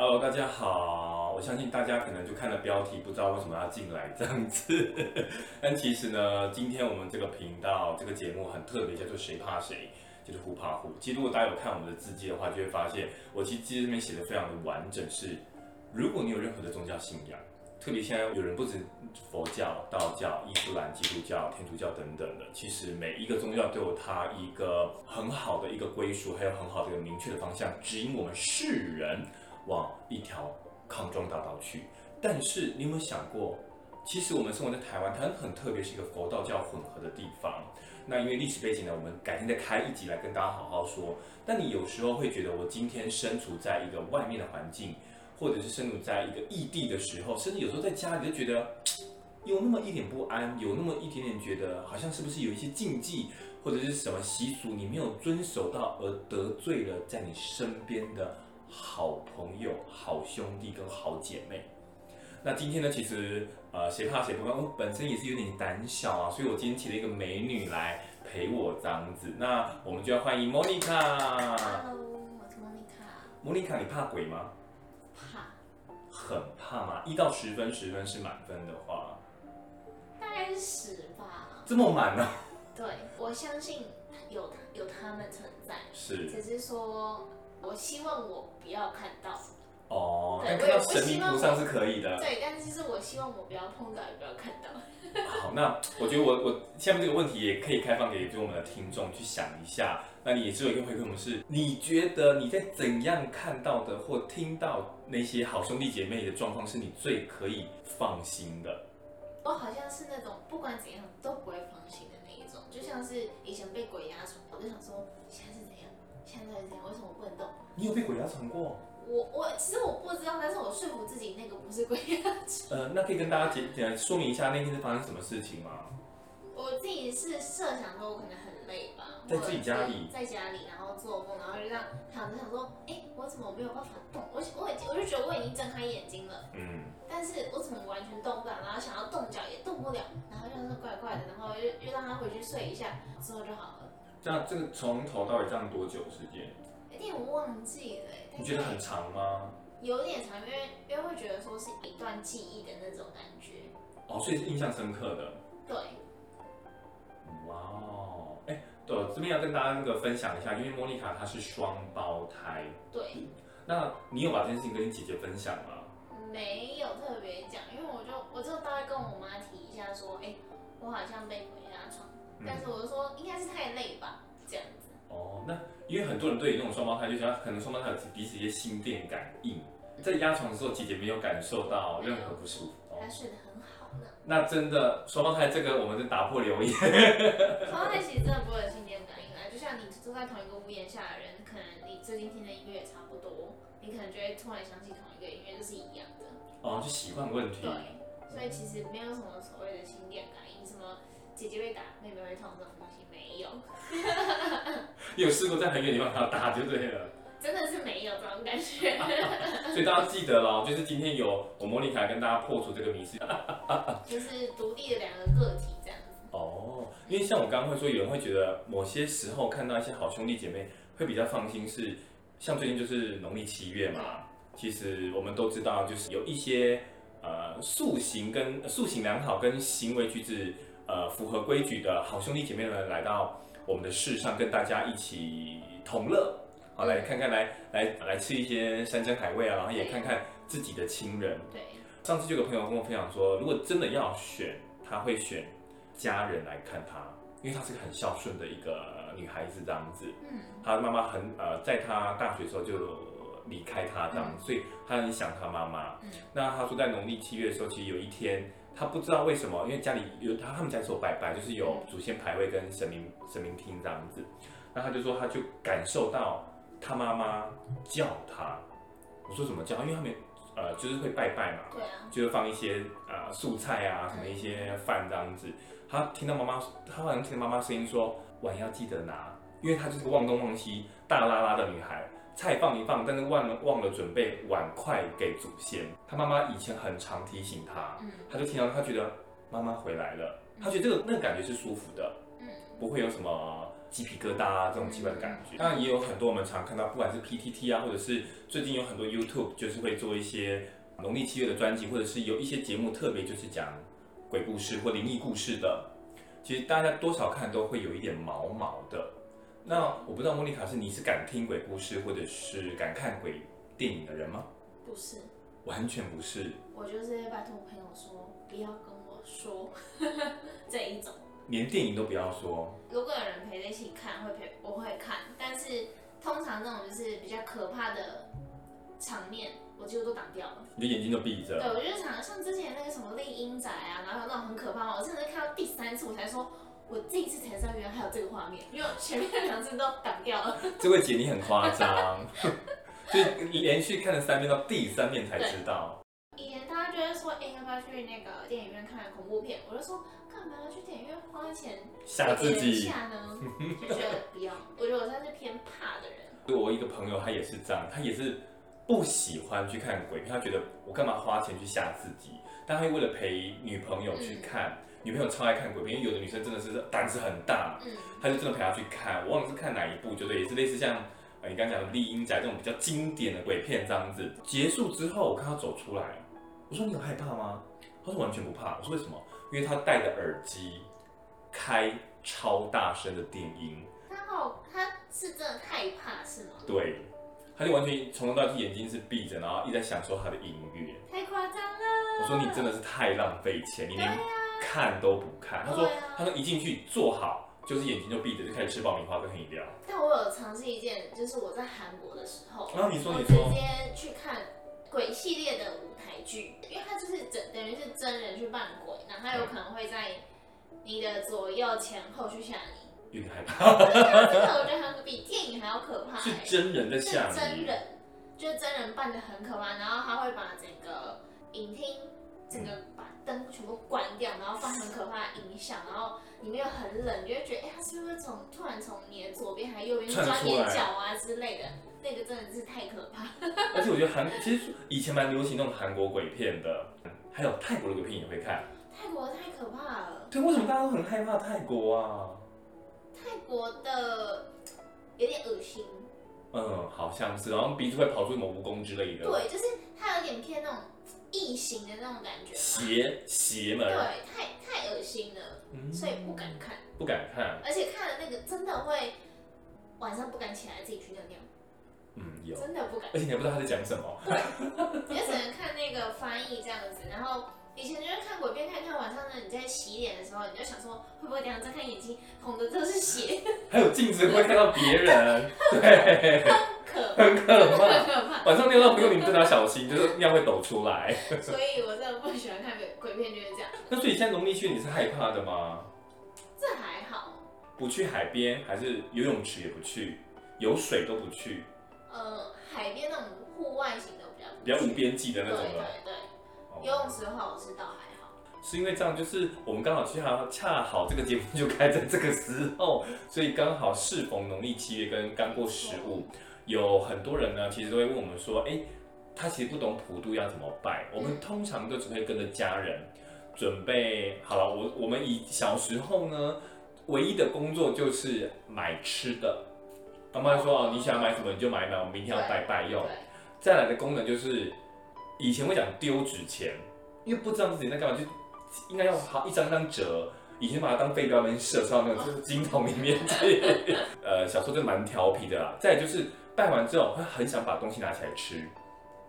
Hello，大家好！我相信大家可能就看了標題，不知道為什麼要進來這樣子。 但其實呢，今天我們這個頻道這個節目很特別，叫做“誰怕誰”，就是 “who 怕 who”。其實如果大家有看我們的字跡的話，就會發現我其實字這邊寫的非常的完整。是，如果你有任何的宗教信仰，特別現在有人不止佛教、道教、伊斯蘭、基督教、天主教等等的，其實每一個宗教都有它一個很好的一個歸屬，還有很好的一個明確的方向，指引我們世人。往一條康莊大道去，但是你有沒有想過，其實我們生活在台灣，它很特別，是一個佛道教混合的地方。那因為歷史背景呢，我們改天再開一集來跟大家好好說。但你有時候會覺得，我今天身處在一個外面的環境，或者是身處在一個異地的時候，甚至有時候在家裡就覺得有那麼一點不安，有那麼一點點覺得好像是不是有一些禁忌或者是什麼習俗你沒有遵守到而得罪了在你身邊的。好朋友、好兄弟跟好姐妹。那今天呢，其實呃，誰怕誰不怕？我、哦、本身也是有點膽小啊，所以我今天請了一個美女來陪我這樣子。那我們就要歡迎 Monica。Hello，我是 Monica。Monica，你怕鬼嗎？怕。很怕嗎？一到十分，十分是滿分的話，大概是十吧。這麼滿呢、啊？對，我相信有有他們存在，是，只是說。我希望我不要看到哦，對但看到神秘圖上是可以的。對，但其實我希望我不要碰到，也不要看到。 好，那我覺得我我下面這個問題也可以開放給就我們的聽眾去想一下。那你也只有一個回饋，我們是你覺得你在怎樣看到的或聽到那些好兄弟姐妹的狀況，是你最可以放心的？我好像是那種不管怎樣都不會放心的那一種，就像是以前被鬼壓床，我就想說現在是。前一天為什麼不能動？你有被鬼壓床過？我我其實我不知道，但是我說服自己那個不是鬼壓床。呃，那可以跟大家簡簡單說明一下那天是發生什麼事情嗎？我自己是設想說我可能很累吧，在自己家裡，在家裡然後做夢，然後就這樣躺着想說，哎、欸，我怎麼沒有辦法動？我我已經我就覺得我已經睜開眼睛了，嗯，但是我怎麼完全動不了？然後想要動腳也動不了，然後就是怪怪的，然後又又讓他回去睡一下之後就好了。那這個從頭到尾這樣多久時間？有點忘記了，欸。你覺得很長嗎？有點長，因為因為會覺得說是一段記憶的那種感覺。哦，所以是印象深刻的。對。哇，wow，哎，欸，對，這邊要跟大家那個分享一下，因為莫妮卡她是雙胞胎。對。那你有把這件事情跟你姐姐分享嗎？沒有特別講，因為我就我就大概跟我媽提一下，說，哎，欸，我好像被鬼壓床，嗯，但是我就說應該是太累吧。很多人對於那種雙胞胎就覺得，可能雙胞胎有彼此一些心電感應。在壓床的時候，姐姐沒有感受到任何不舒服，哎、還睡得很好呢。那真的雙胞胎這個，我們是打破流言。雙 胞胎其實真的不會有心電感應啊，就像你住在同一個屋檐下的人，可能你最近聽的音樂也差不多，你可能就會突然想起同一個音樂，就是一樣的。哦，就習慣問題。對，所以其實沒有什麼所謂的心電感應什麼。姐姐被打，妹妹會痛，這種東西沒有。 你有試過在很遠地方打就對了。 真的是沒有這種感覺。 啊、所以大家記得嘍，就是今天有我莫妮卡跟大家破除這個迷思。啊啊啊、就是獨立的兩個個體這樣子。哦，因為像我剛剛會說，有人會覺得某些時候看到一些好兄弟姐妹會比較放心是，是像最近就是農曆七月嘛，嗯、其實我們都知道，就是有一些呃，塑形跟塑形良好跟行為舉止。呃，符合規矩的好兄弟姐妹們來到我們的世上，跟大家一起同樂。好，來看看，來來來吃一些山珍海味啊，然後也看看自己的親人。對，上次就有個朋友跟我分享說，如果真的要選，他會選家人來看他，因為他是個很孝順的一個女孩子這樣子。嗯，他的媽媽很呃，在他大學的時候就離開他這樣，嗯、所以他很想他媽媽。嗯，那他說在農曆七月的時候，其實有一天。他不知道為什麼，因為家裡有他，他們家是有拜拜，就是有祖先牌位跟神明神明廳這樣子。那他就說，他就感受到他媽媽叫他。我說怎麼叫？因為他們呃，就是會拜拜嘛，對啊，就是放一些呃素菜啊，什麼一些飯這樣子。他對聽到媽媽，他好像聽到媽媽聲音說：“碗要記得拿。”因為他就是個忘東忘西大拉拉的女孩。菜放一放，但是忘了忘了準備碗筷給祖先。他媽媽以前很常提醒他，他就聽到他覺得媽媽回來了，他覺得這個那個感覺是舒服的，不會有什麼雞皮疙瘩啊這種奇怪的感覺。嗯，當然也有很多我們常看到，不管是 PTT 啊，或者是最近有很多 YouTube 就是會做一些農曆七月的專輯，或者是有一些節目特別就是講鬼故事或靈異故事的，其實大家多少看都會有一點毛毛的。那我不知道莫妮卡是你是敢聽鬼故事，或者是敢看鬼電影的人嗎？不是，完全不是。我就是拜托我朋友說，不要跟我說， 這一種連電影都不要說。如果有人陪在一起看，會陪我會看，但是通常這種就是比較可怕的場面，我幾乎都擋掉了。你的眼睛都閉着。對，我就常常像之前那個什麼《厲陰宅》啊，然後有那種很可怕，我甚至看到第三次我才說。我第一次才知道原來還有這個畫面，因為前面兩次都擋掉了。這位姐你很誇張， 就是連續看了三遍，到第三遍才知道。以前大家覺得說，哎、欸，要不要去那個電影院看恐怖片？我就說，幹嘛要去電影院花錢嚇自己？嚇一下呢？就覺得不要，我覺得我算是偏怕的人。我一個朋友他也是這樣，他也是不喜歡去看鬼片，他覺得我幹嘛花錢去嚇自己？但他為了陪女朋友去看。嗯女朋友超愛看鬼片，因為有的女生真的是膽子很大，嗯，她就真的陪她去看。我忘了是看哪一部就對，覺得也是類似像、呃、你剛講的《麗英仔》這種比較經典的鬼片這樣子。結束之後，我看她走出來，我說：“你有害怕嗎？”他說：“完全不怕。”我說：“為什麼？”因為他戴着耳機，開超大聲的電音。然後他是真的害怕是嗎？對，他就完全從頭到尾眼睛是閉着，然後一直在享受他的音樂。太誇張了！我說你真的是太浪費錢，你連、哎。看都不看。他說，對啊、他說一進去坐好，就是眼睛就閉着，就開始吃爆米花跟飲料。但我有嘗試一件，就是我在韓國的時候，啊、你說我直接去看鬼系列的舞台劇，嗯、因為他就是整等等於是真人去扮鬼，然後他有可能會在你的左右前後去嚇你，有點害怕。真的，我覺得還比電影還要可怕、欸，是真人在嚇你，真人就是真人扮的很可怕，然後他會把整個影廳整個、嗯。燈全部關掉，然後放很可怕的音響，然後裡面又很冷，你就會覺得哎、欸，他是不是從突然從你的左邊還是右邊抓眼角啊之類的？那個真的是太可怕了。 而且我覺得韓，其實以前蠻流行那種韓國鬼片的、嗯，還有泰國的鬼片也會看。泰國的太可怕了。對，為什麼大家都很害怕泰國啊？泰國的有點惡心。嗯，好像是，好像鼻子會跑出什麼蜈蚣之類的。對，就是它有點偏那種。異形的那種感覺，邪邪門，對，太太噁心了，嗯、所以不敢看，不敢看，而且看了那個真的會晚上不敢起來自己去尿尿，嗯，真的不敢，而且你還不知道他在講什麼，對，你只能看那個翻譯這樣子，然後。以前就是看鬼片，看看晚上呢，你在洗臉的時候，你就想說會不會等下睜開眼睛，紅的都是血。還有鏡子會看到別人，對，很可，很可怕，可怕。晚上尿尿不用你真的要小心，就是尿會抖出來。所以我真的不喜歡看鬼鬼片，就是這樣。那所以現在農曆去你是害怕的嗎？這還好，不去海邊，還是游泳池也不去，有水都不去。呃，海邊那種戶外型的比較。比較無邊際的那種吧？對對。游泳池的話，我知道還好。是因為這樣，就是我們剛好恰好恰好這個節目就開在這個時候，所以剛好適逢農曆七月跟剛過十五，嗯、有很多人呢，其實都會問我們說，哎、欸，他其實不懂普渡要怎麼拜。我們通常都只會跟着家人準備、嗯、好了。我我們以小時候呢，唯一的工作就是買吃的。媽媽說、哦，你想買什麼你就買，買。我們明天要拜拜用。對，對對對。再來的功能就是。以前會講丟紙錢，因為不知道自己在幹嘛，就應該要好一張張折。以前把它當飛鏢，那射到那是金桶裡面。 呃，小時候就蠻調皮的啦。再就是拜完之後，會很想把東西拿起來吃。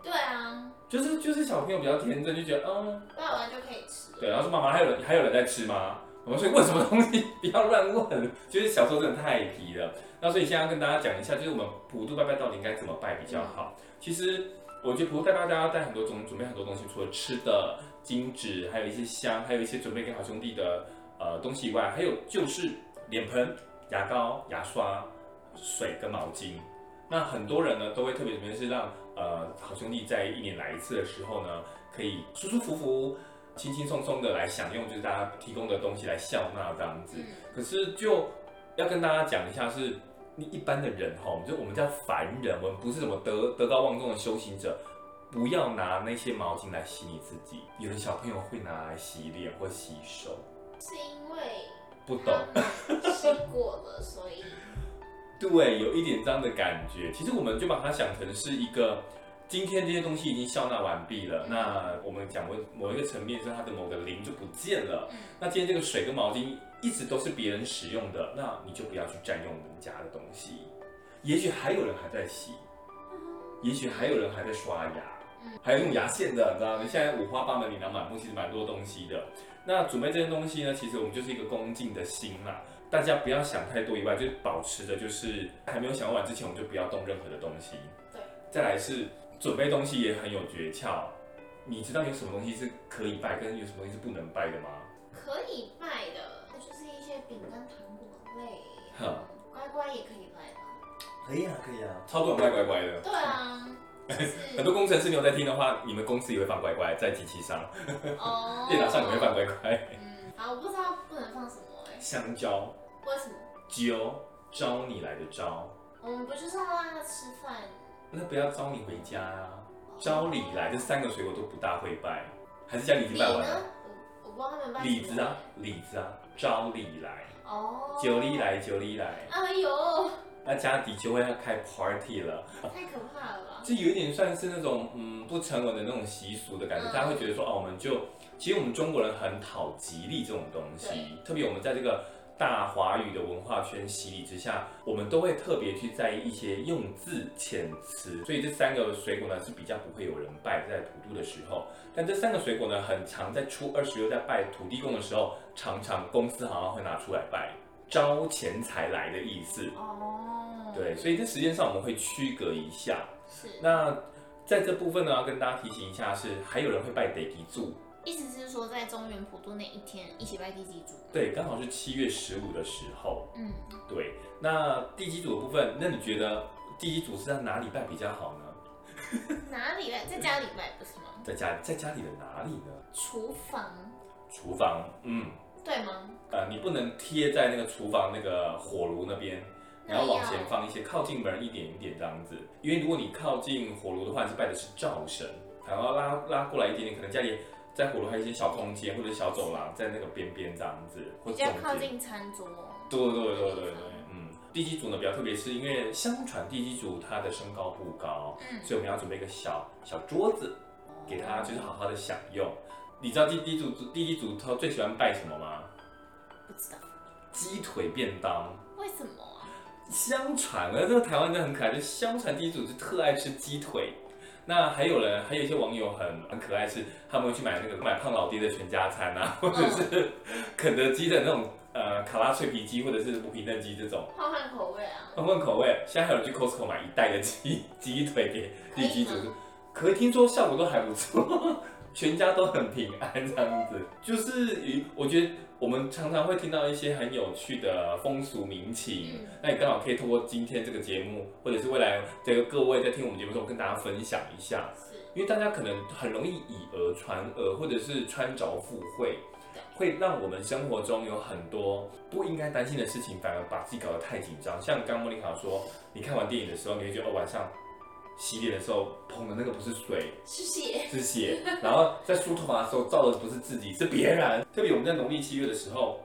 對啊，就是就是小朋友比較天真，就覺得嗯，拜完就可以吃。對，然後說媽媽還有人還有人在吃嗎？我們所以問什麼東西不要亂問，就是小時候真的太皮了。那所以現在要跟大家講一下，就是我們普渡拜拜到底應該怎麼拜比較好。嗯、其實。我就不帶大家帶很多種，準備很多東西，除了吃的、金紙，還有一些香，還有一些準備給好兄弟的呃東西以外，還有就是臉盆、牙膏、牙刷、水跟毛巾。那很多人呢，都會特別準備是讓呃好兄弟在一年來一次的時候呢，可以舒舒服服、輕輕鬆鬆的來享用，就是大家提供的東西來笑納這樣子。可是就要跟大家講一下是，一般的人哈，我們，就我們叫凡人，我們不是什麼德德高望重的修行者，不要拿那些毛巾來洗你自己。有的小朋友會拿來洗臉或洗手，是因為不懂，洗過了，所以 對，有一點這樣的感覺。其實我們就把它想成是一個，今天這些東西已經消納完畢了。 那我們講過某一個層面，說它的某個靈就不見了。 那今天這個水跟毛巾，一直都是別人使用的，那你就不要去占用人家的東西。也許還有人還在洗，嗯、也許還有人還在刷牙，嗯、還有用牙線的，你知道嗎？現在五花八門裡、琳琅滿目，其實蠻多東西的。那準備這些東西呢？其實我們就是一個恭敬的心嘛。大家不要想太多，以外就保持的就是還沒有想完之前，我們就不要動任何的東西。對。再來是準備東西也很有訣竅，你知道有什麼東西是可以拜，跟有什麼東西是不能拜的嗎？可以。餅乾、糖果類，乖乖也可以拜吧？可以啊，可以啊，超多人拜乖乖的。對啊，很多工程師，你有在聽的話，你們公司也會放乖乖在機器上，電腦上也會放乖乖。嗯，好，我不知道不能放什麼哎。香蕉？為什麼？蕉，招你來的招。我們不就是要讓他吃飯？那不要招你回家啊！招你來，這三個水果都不大會拜，還是家裡已經拜完了？我我不知道他們拜李子啊，李子啊。招禮來，哦，九禮來，九禮來，哎呦，那家底就會要開 party 了，太可怕了吧？這有點算是那種嗯不成文的那種習俗的感覺，嗯、大家會覺得說，哦、啊，我們就，其實我們中國人很討吉利這種東西，嗯、特別我們在這個。大華語的文化圈洗禮之下，我們都會特別去在意一些用字遣詞，所以這三個水果呢是比較不會有人拜在普渡的時候，但這三個水果呢，很常在初二十六在拜土地公的時候，常常公司好像會拿出來拜，招錢財來的意思哦，對，所以這時間上我們會區隔一下，是那在這部分呢要跟大家提醒一下是，是還有人會拜地基主。意思是說，在中原普渡那一天一起拜地基主？對，剛好是七月十五的時候。嗯，對。那地基主的部分，那你覺得地基主是在哪裡拜比較好呢？ 哪裡拜？在家裡拜不是嗎？在家，在家裡的哪裡呢？廚房。廚房，嗯。對嗎？啊、呃，你不能貼在那個廚房那個火爐那邊，然後往前放一些，啊、靠近門一點一點這樣子。因為如果你靠近火爐的話，你是拜的是灶神，然後拉拉過來一點點，可能家裡。在火爐還有一些小空間或者小走廊，在那個邊邊這樣子，或間比較靠近餐桌。哦。對對對，對對對對對，嗯，地基主呢比較特別，是因為相傳地基主他的身高不高，嗯、所以我們要準備一個小小桌子，給他就是好好的享用。哦、你知道地地基主地基主他最喜歡拜什麼嗎？不知道。雞腿便當。為什麼啊？相傳啊，這個台灣人很可愛，就是、相傳地基主就特愛吃雞腿。那還有人，還有一些網友很很可愛，是他們會去買那個買胖老爹的全家餐啊，或者是肯德基的那種呃卡拉脆皮雞，或者是無皮嫩雞這種，換換口味啊，換換口味。現在還有人去 Costco 買一袋的雞雞腿給地基主，可以可聽說效果都還不錯。全家都很平安，這樣子就是與我覺得我們常常會聽到一些很有趣的風俗民情，嗯、那你剛好可以透過今天這個節目，或者是未來這個各位在聽我們節目中跟大家分享一下，因為大家可能很容易以訛傳訛，或者是穿鑿附會，會讓我們生活中有很多不應該擔心的事情，反而把自己搞得太緊張。像剛剛莫妮卡說，你看完電影的時候，你會覺得哦，晚上。洗臉的時候捧的那個不是水，是血，是血。 然後在梳頭髮的時候照的不是自己，是別人。特別我們在農曆七月的時候，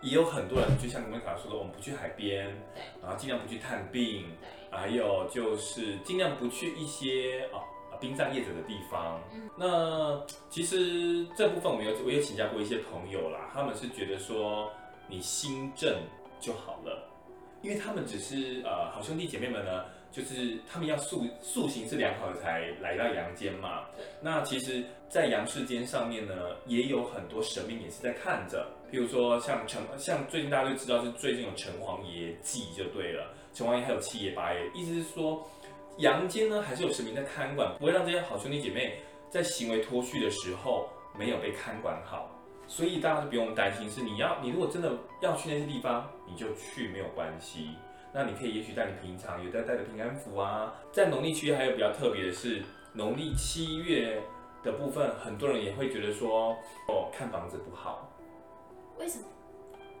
也有很多人就像你們剛才說的，我們不去海邊，對，然後盡量不去探病，對，還有就是盡量不去一些啊殯葬業者的地方。嗯、那其實這部分我們有，我也請教過一些朋友啦，他們是覺得說你心正就好了。因為他們只是呃好兄弟姐妹們呢，就是他們要素素行是良好的才來到陽間嘛。那其實，在陽世間上面呢，也有很多神明也是在看着。譬如說像城，像最近大家就知道是最近有城隍爺祭就對了，城隍爺還有七爺八爺，意思是說陽間呢還是有神明在看管，不會讓這些好兄弟姐妹在行為脫序的時候沒有被看管好。所以大家就不用擔心，是你要你如果真的要去那些地方，你就去沒有關係，那你可以也許在你平常有在帶的平安符啊。在農曆七月還有比較特別的是，農曆七月的部分，很多人也會覺得說，哦，看房子不好，為什麼？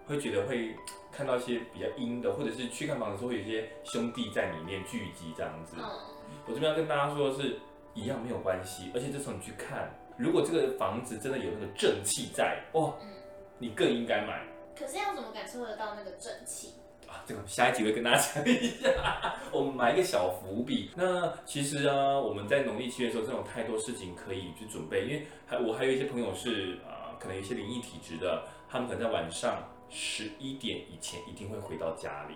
會覺得會看到一些比較陰的，或者是去看房子的時候，會有一些兄弟在裡面聚集這樣子。哦、我這邊要跟大家說的是，一樣沒有關係，而且這時候你去看，如果這個房子真的有那個正氣在，哇、哦，嗯、你更應該買。可是要怎麼感受得到那個正氣啊？這個下一集會跟大家講一下，我們埋一個小伏筆。那其實啊，我們在農曆七月的時候，這種太多事情可以去準備，因為還我還有一些朋友是啊、呃，可能有一些靈異體質的，他們可能在晚上十一點以前一定會回到家裡。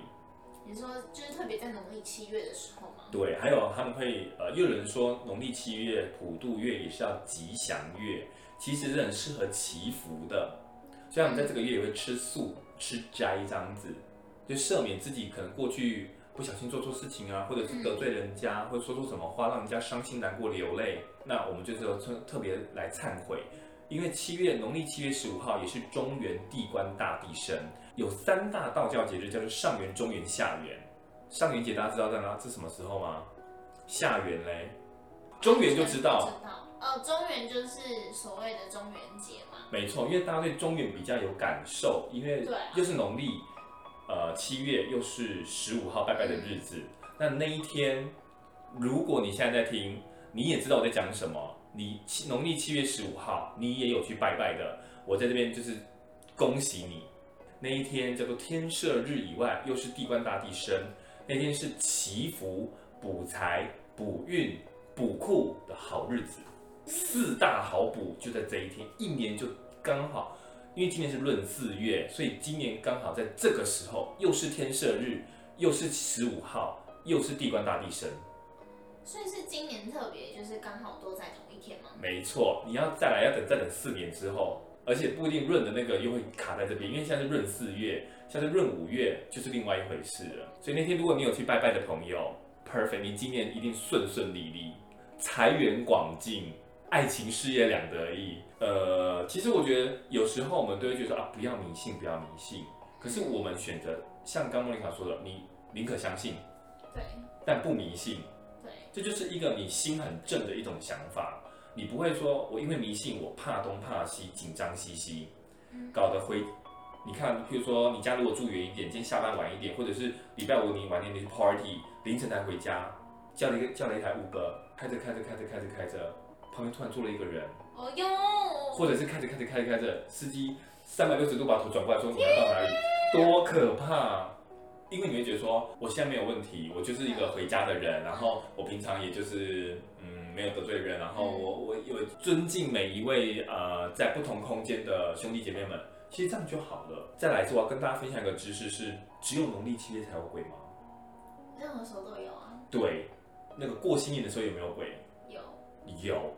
你說就是特別在農曆七月的時候嗎？對，還有他們會呃，又有人說農曆七月普渡月也是要吉祥月，其實是很適合祈福的。像我們在這個月也會吃素、吃齋這樣子，就赦免自己可能過去不小心做錯事情啊，或者是得罪人家，嗯、或者說出什麼話讓人家傷心難過流淚，那我們就說特別來懺悔。因為七月農曆七月十五號也是中元地官大帝生，有三大道教節日叫做上元、中元、下元。上元節大家知道在哪？是什麼時候嗎？下元嘞，中元就知道。呃，中元就是所謂的中元節嘛。沒錯，因為大家對中元比較有感受，因為又是農曆、啊、呃七月，又是十五號拜拜的日子。嗯、那那一天，如果你現在在聽，你也知道我在講什麼。你七農曆七月十五號，你也有去拜拜的。我在這邊就是恭喜你，那一天叫做天赦日以外，又是地官大帝生，那天是祈福、補財、補運、補庫的好日子。四大好補就在這一天，一年就剛好，因為今年是閏四月，所以今年剛好在這個時候，又是天赦日，又是十五號，又是地官大帝生，所以是今年特別，就是剛好都在同一天嗎？沒錯，你要再來要等再等四年之後，而且不一定閏的那個又會卡在這邊，因為現在是閏四月，像是閏五月就是另外一回事了。所以那天如果你有去拜拜的朋友，perfect，你今年一定順順利利，財源廣進。愛情事業兩得意，呃，其實我覺得有時候我們都會覺得啊，不要迷信，不要迷信。可是我們選擇像剛莫妮卡說的，你寧可相信，對，但不迷信，對，這就是一個你心很正的一種想法。你不會說我因為迷信我怕東怕西緊張兮兮，嗯、搞得會，你看，比如說你家如果住遠一點，今天下班晚一點，或者是禮拜五你晚點你去 party，凌晨才回家，叫了一個叫了一台 Uber，開，開着開着開着開着開着。旁邊突然坐了一個人，哦喲！或者是開着開着開着開着，司機三百六十度把他頭轉過來，說你要到哪裡？多可怕！因為你會覺得說，我現在沒有問題，我就是一個回家的人，然後我平常也就是嗯沒有得罪人，然後我我有尊敬每一位呃在不同空間的兄弟姐妹們，其實這樣就好了。再來就跟大家分享一個知識是，只有農曆七月才有鬼嗎？任何時候都有啊。對，那個過新年的時候有沒有鬼？有，有。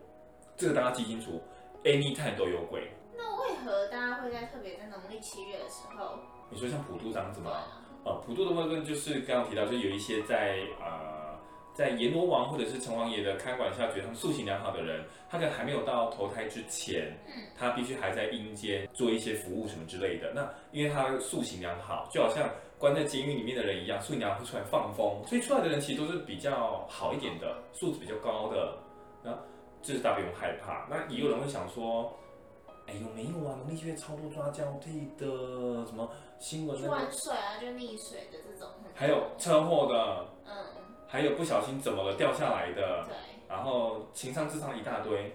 這個大家記清楚，any time 都有鬼。那為何大家會在特別在農曆七月的時候？你說像普渡這樣子嗎？呃哇、啊，普渡的話，就是剛剛提到，就是有一些在呃在閻羅王或者是城隍爺的看管下，覺得他素行良好的人，他可能還沒有到投胎之前，嗯，他必須還在陰間做一些服務什麼之類的。那因為他素行良好，就好像關在監獄裡面的人一樣，素行良好會出來放風，所以出來的人其實都是比較好一點的，嗯、素質比較高的。這是大家不用害怕。那也有人會想說：“嗯、哎呦，有沒有啊，農曆七月超多抓交替的，什麼新聞溺、那個、水啊，就溺水的這種，嗯、還有車禍的，嗯，還有不小心怎麼了掉下來的，嗯、對，對然後情商智商一大堆。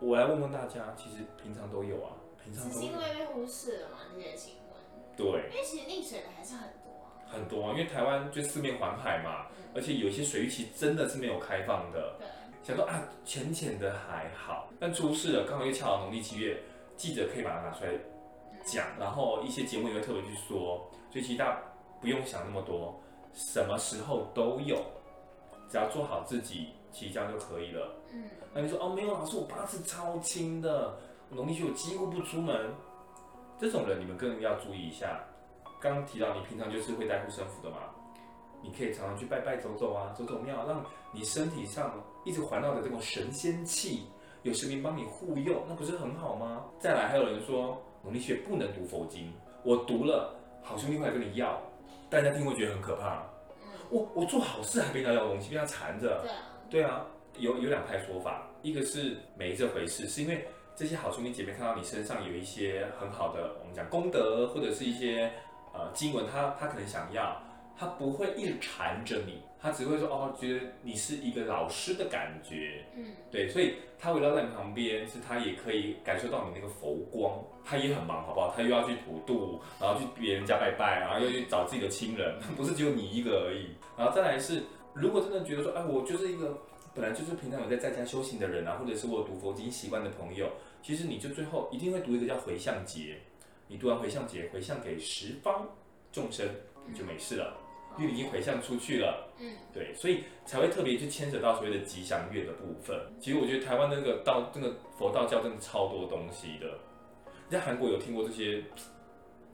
我來問問大家，其實平常都有啊，平常都有是新聞因為被忽視了嘛這些新聞？對，因為其實溺水的還是很多、啊、很多啊，因為台灣就四面環海嘛，嗯、而且有些水域其實真的是沒有開放的，對。”想說啊，淺淺的還好，但出事了，剛好又恰好農曆七月，記者可以把它拿出來講，然後一些節目也會特別去說，所以其實大家不用想那麼多，什麼時候都有，只要做好自己其實這樣就可以了。嗯，那你說哦，沒有老、啊、師，是我八字超輕的，我農曆七月幾乎不出門，這種人你們更要注意一下。剛，剛提到你平常就是會帶護身符的嘛？你可以常常去拜拜、走走啊，走走廟，讓你身體上一直環繞着這種神仙氣，有神明幫你護佑，那不是很好嗎？再來，還有人說，農曆七月不能讀佛經，我讀了，好兄弟會來跟你要，大家一定會覺得很可怕。我我做好事還被他要東西，被他纏着。對啊。對啊，有有兩派說法，一個是沒這回事，是因為這些好兄弟姐妹看到你身上有一些很好的，我們講功德或者是一些呃經文他，他他可能想要。他不會一直纏着你，他只會說哦，覺得你是一個老師的感覺，嗯，對，所以他圍繞在你旁邊，是他也可以感受到你那個佛光，他也很忙，好不好？他又要去普渡，然後去別人家拜拜，然後又去找自己的親人，不是只有你一個而已。然後再來是，如果真的覺得說，哎，我就是一個本來就是平常有在在家修行的人啊，或者是我讀佛經習慣的朋友，其實你就最後一定會讀一個叫回向偈，你讀完回向偈，回向給十方眾生，你就沒事了。嗯已經回向出去了，嗯，對，所以才會特別去牽扯到所謂的吉祥月的部分。嗯、其實我覺得台灣的那個道，那個佛道教真的超多東西的。你在韓國有聽過這些？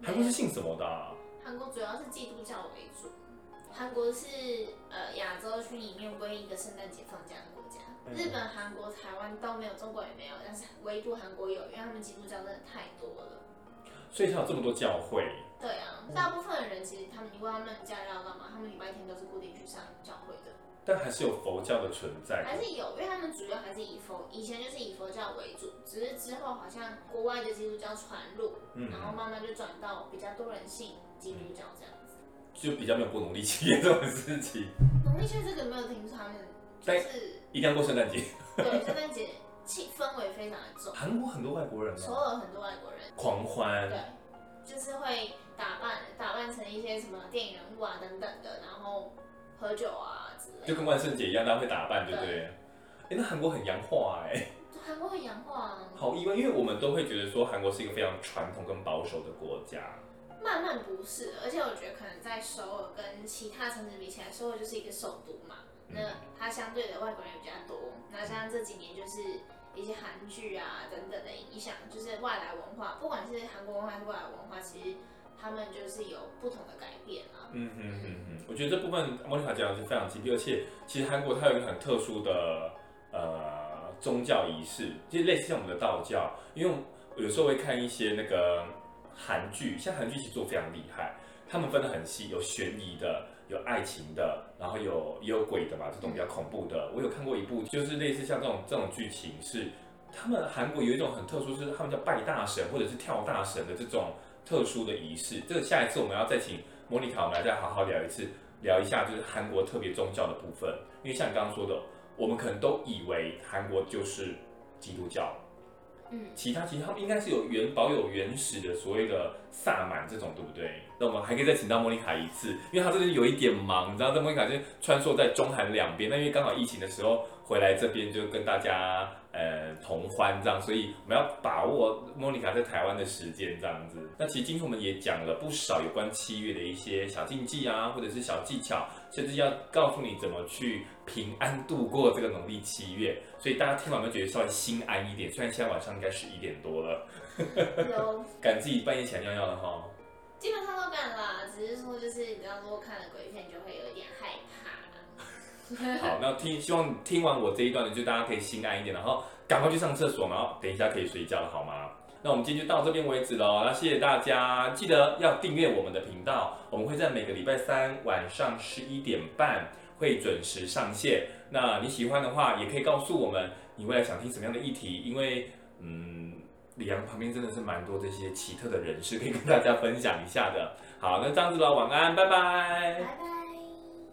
韓國是信什麼的、啊？韓國主要是基督教為主。韓國是呃亞洲區裡面唯一一個聖誕節放假的國家。哎、呃、日本、韓國、台灣都沒有，中國也沒有，但是唯獨韓國有，因為他們基督教真的太多了。所以才有這麼多教會。嗯、大部分的人其實他們因為他們假日要幹嘛，他們禮拜天都是固定去上教會的。但還是有佛教的存在，還是有，因為他們主要還是以佛以前就是以佛教為主，只是之後好像國外的基督教傳入，嗯、然後慢慢就轉到比較多人信基督教這樣子。子、嗯。就比較沒有過農曆七月這種事情。農曆七月這個沒有聽說他們，就是、但是一定要過聖誕節。 對，聖誕節氣氛圍非常的重。韓國很多外國人嗎？首爾很多外國人狂歡，對，就是會。打扮打扮成一些什麼電影人物啊等等的，然後喝酒啊，之類，就跟萬聖節一樣，大家會打扮，對不對？對欸、那韓國很洋化哎、欸，韓國很洋化啊，好意外，因為我們都會覺得說韓國是一個非常傳統跟保守的國家。慢慢不是，而且我覺得可能在首爾跟其他城市比起來，首爾就是一個首都嘛，那它相對的外國人比較多。那、嗯、像這幾年就是一些韓劇啊等等的影響，就是外來文化，不管是韓國文化還是外來文化，其實，他們就是有不同的改變啊。嗯嗯嗯嗯，我覺得這部分莫妮卡講的是非常精闢，而且其實韓國它有一個很特殊的呃宗教儀式，就類似像我們的道教。因為我有時候我會看一些那個韓劇，像韓劇其實做非常厲害，他們分的很細，有懸疑的，有愛情的，然後有也有鬼的嘛，這種比較恐怖的。嗯、我有看過一部，就是類似像這種這種劇情是，是他們韓國有一種很特殊是，是他們叫拜大神或者是跳大神的這種。特殊的儀式，這個下一次我們要再請莫妮卡，我們來再好好聊一次，聊一下就是韓國特別宗教的部分。因為像你剛剛說的，我們可能都以為韓國就是基督教，嗯，其他其實他應該是有原保有原始的所謂的薩滿這種，對不對？那我們還可以再請到莫妮卡一次，因為他這邊有一點忙，你知道，莫妮卡就穿梭在中韓兩邊，那因為剛好疫情的時候回來這邊，就跟大家。呃、嗯，同歡這樣，所以我們要把握莫妮卡在台灣的時間這樣子。那其實今天我們也講了不少有關七月的一些小禁忌啊，或者是小技巧，甚至要告訴你怎麼去平安度過這個農曆七月。所以大家聽完會覺得稍微心安一點，雖然現在晚上應該十一點多了。 有敢自己半夜起來尿尿了哈？基本上都敢啦，只是說就是你要多看。 好，那聽希望聽完我這一段的，就大家可以心安一點，然後趕快去上廁所嘛，然後等一下可以睡覺了，好嗎？那我們今天就到這邊為止了，那謝謝大家，記得要訂閱我們的頻道，我們會在每個禮拜三晚上十一點半會準時上線。那你喜歡的話，也可以告訴我們你未來想聽什麼樣的議題，因為嗯，李陽旁邊真的是蠻多這些奇特的人士可以跟大家分享一下的。好，那這樣子嘍，晚安，拜拜。拜拜